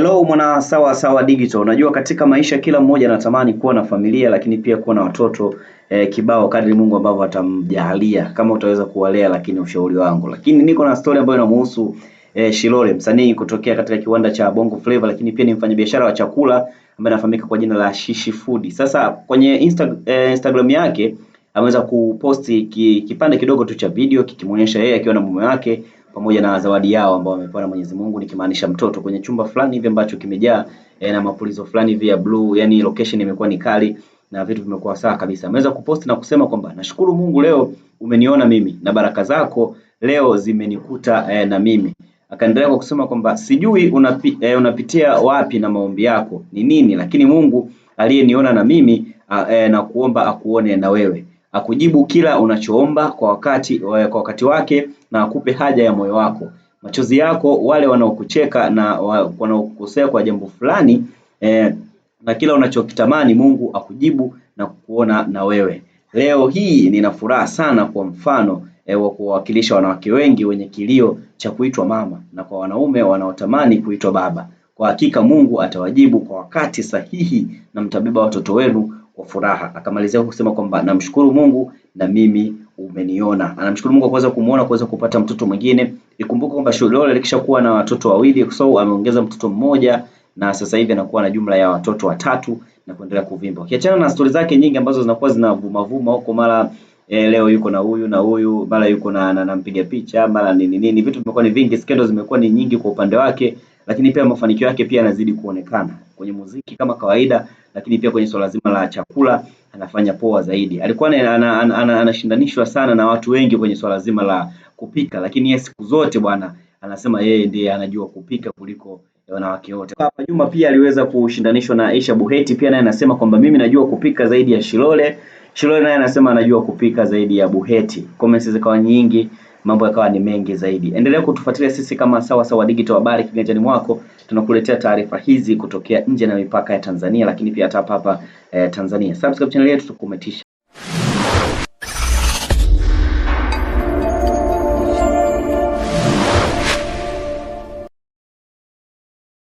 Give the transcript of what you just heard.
Hello mwana sawa sawa digital. Unajua katika maisha kila mmoja anatamani kuwa na familia lakini pia kuwa na watoto eh, kibao kadri Mungu ambavyo atamjalia kama utaweza kuwalea lakini ushauri wangu. Lakini niko na story ambayo inamhusu eh, Shilole msanii kutokea katika kiwanda cha Bongo Flava lakini pia ni mfanyabiashara wa chakula ambaye anafahamika kwa jina la Shishi Food. Sasa kwenye Insta, eh, Instagram yake ameweza kuposti ki, kipande kidogo tu cha video kikimuonyesha yeye akiwa na mume wake pamoja na zawadi yao ambao wamepewa na Mwenyezi Mungu, nikimaanisha mtoto kwenye chumba fulani hivi ambacho kimejaa e, na mapulizo fulani hivi ya Yani location imekuwa ni kali na vitu vimekuwa sawa kabisa. Ameweza kuposti na kusema kwamba nashukuru Mungu leo umeniona mimi na baraka zako leo zimenikuta e, na mimi akaendelea kwa kusema kwamba sijui unapi, e, unapitia wapi na maombi yako ni nini, lakini Mungu aliyeniona na mimi a, ah, e, na kuomba akuone na wewe akujibu kila unachoomba kwa wakati, eh, kwa wakati wake na akupe haja ya moyo wako. Machozi yako wale wanaokucheka na wanaokukosea kwa jambo fulani eh, na kila unachokitamani Mungu akujibu na kukuona na wewe. Leo hii nina furaha sana kwa mfano eh, wa kuwawakilisha wanawake wengi wenye kilio cha kuitwa mama na kwa wanaume wanaotamani kuitwa baba. Kwa hakika Mungu atawajibu kwa wakati sahihi na mtabeba watoto wenu kwa furaha. Akamalizia kusema kwamba namshukuru Mungu na mimi umeniona. Anamshukuru Mungu kwa kuweza kumuona, kuweza kupata mtoto mwingine. Ikumbuke kwamba Lola alikishakuwa na watoto wawili, so ameongeza mtoto mmoja na sasa hivi anakuwa na jumla ya watoto watatu na kuendelea kuvimba. Ukiachana na stori zake nyingi ambazo zinakuwa zinavuma vuma huko mara E, leo yuko na huyu na huyu, mara yuko na anampiga picha, mara nini nini, vitu vimekuwa ni vingi, skendo zimekuwa ni nyingi kwa upande wake, lakini pia mafanikio yake pia yanazidi kuonekana kwenye muziki. Kama kawaida, lakini pia kwenye swala zima la chakula anafanya poa zaidi. Alikuwa anashindanishwa sana na watu wengi kwenye swala zima la kupika, lakini yeye siku zote bwana anasema yeye ndiye anajua kupika kuliko wanawake wote. Hapa nyuma pia aliweza kushindanishwa na Aisha Buheti, pia naye anasema kwamba mimi najua kupika zaidi ya Shilole. Shilole naye anasema anajua kupika zaidi ya Buheti. Comments zikawa nyingi mambo yakawa ni mengi zaidi. Endelea kutufuatilia sisi kama Sawa Sawa Digital, habari kiganjani mwako. Tunakuletea taarifa hizi kutokea nje na mipaka ya Tanzania, lakini pia hata hapa hapa eh, Tanzania. Subscribe channel yetu tukumetisha